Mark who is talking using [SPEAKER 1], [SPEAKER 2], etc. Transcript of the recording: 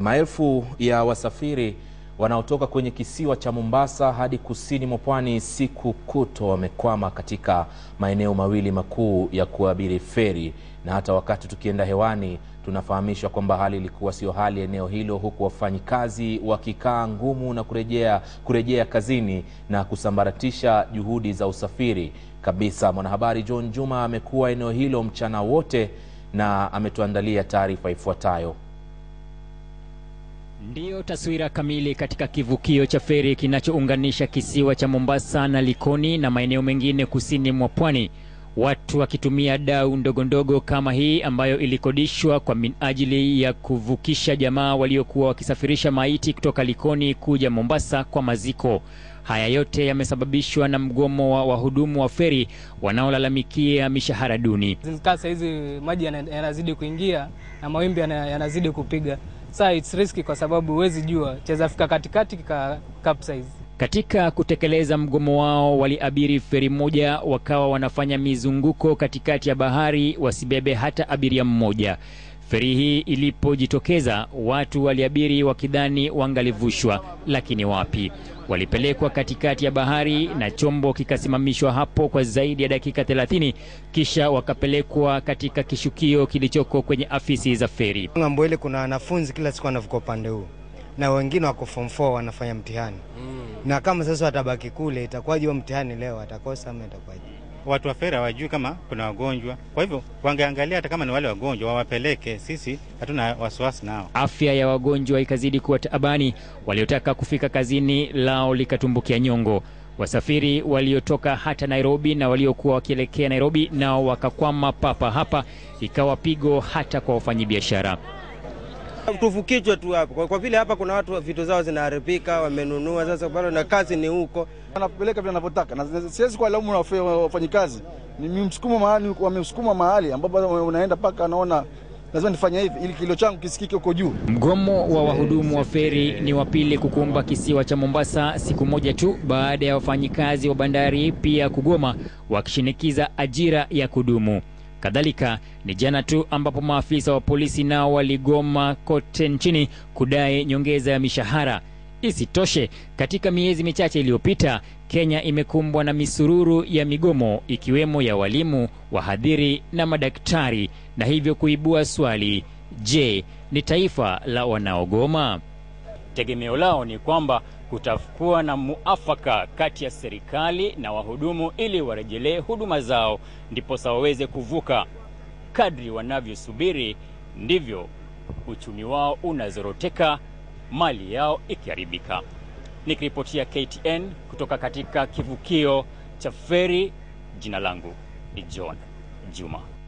[SPEAKER 1] Maelfu ya wasafiri wanaotoka kwenye kisiwa cha Mombasa hadi kusini mwa pwani siku kuto wamekwama katika maeneo mawili makuu ya kuabiri feri, na hata wakati tukienda hewani tunafahamishwa kwamba hali ilikuwa sio hali eneo hilo, huku wafanyikazi wakikaa ngumu na kurejea kurejea kazini na kusambaratisha juhudi za usafiri kabisa. Mwanahabari John Juma amekuwa eneo hilo mchana wote na ametuandalia taarifa ifuatayo. Ndiyo taswira kamili katika kivukio cha feri kinachounganisha kisiwa cha Mombasa na Likoni na maeneo mengine kusini mwa pwani, watu wakitumia dau ndogondogo kama hii ambayo ilikodishwa kwa minajili ya kuvukisha jamaa waliokuwa wakisafirisha maiti kutoka Likoni kuja Mombasa kwa maziko. Haya yote yamesababishwa na mgomo wa wahudumu wa feri wanaolalamikia mishahara duni.
[SPEAKER 2] Sasa hizi maji yanazidi kuingia na mawimbi yanazidi kupiga Saa it's riski kwa sababu huwezi jua cheza fika katikati kika
[SPEAKER 1] Katika kutekeleza mgomo wao waliabiri feri moja, wakawa wanafanya mizunguko katikati ya bahari wasibebe hata abiria mmoja. Feri hii ilipojitokeza, watu waliabiri wakidhani wangalivushwa, lakini wapi, walipelekwa katikati ya bahari na chombo kikasimamishwa hapo kwa zaidi ya dakika 30, kisha wakapelekwa katika kishukio kilichoko kwenye afisi za feri.
[SPEAKER 3] Ng'ambo ile kuna wanafunzi kila siku wanavuka upande huu na wengine wako form 4 wanafanya mtihani mm. na kama sasa watabaki kule, itakuwaje? Wa mtihani leo atakosa ama itakuwaje?
[SPEAKER 4] watu wa fera hawajui kama kuna wagonjwa, kwa hivyo wangeangalia hata kama ni wale wagonjwa wawapeleke. Sisi hatuna wasiwasi nao.
[SPEAKER 1] Afya ya wagonjwa ikazidi kuwa taabani, waliotaka kufika kazini lao likatumbukia nyongo. Wasafiri waliotoka hata Nairobi na waliokuwa wakielekea Nairobi nao wakakwama papa hapa, ikawa pigo hata kwa wafanyabiashara.
[SPEAKER 5] Tufukichwa tu hapa kwa vile hapa kuna watu vitu zao zinaharibika, wamenunua sasa bado na kazi ni huko
[SPEAKER 6] wanapeleka vile wanavyotaka, na siwezi kuwalaumu wafanyikazi. Ni msukumo mahali, wamesukuma mahali ambapo unaenda mpaka anaona lazima nifanye hivi ili kilio changu kisikike huko juu.
[SPEAKER 1] Mgomo wa wahudumu wa feri ni wa pili kukumba kisiwa cha Mombasa, siku moja tu baada ya wafanyikazi wa bandari pia kugoma wakishinikiza ajira ya kudumu. Kadhalika ni jana tu ambapo maafisa wa polisi nao waligoma kote nchini kudai nyongeza ya mishahara. Isitoshe, katika miezi michache iliyopita, Kenya imekumbwa na misururu ya migomo ikiwemo ya walimu, wahadhiri na madaktari, na hivyo kuibua swali, je, ni taifa la wanaogoma? Tegemeo lao ni kwamba kutakuwa na muafaka kati ya serikali na wahudumu ili warejelee huduma zao, ndiposa waweze kuvuka. Kadri wanavyosubiri ndivyo uchumi wao unazoroteka mali yao ikiharibika. Nikiripotia KTN kutoka katika kivukio cha feri, jina langu ni John Juma.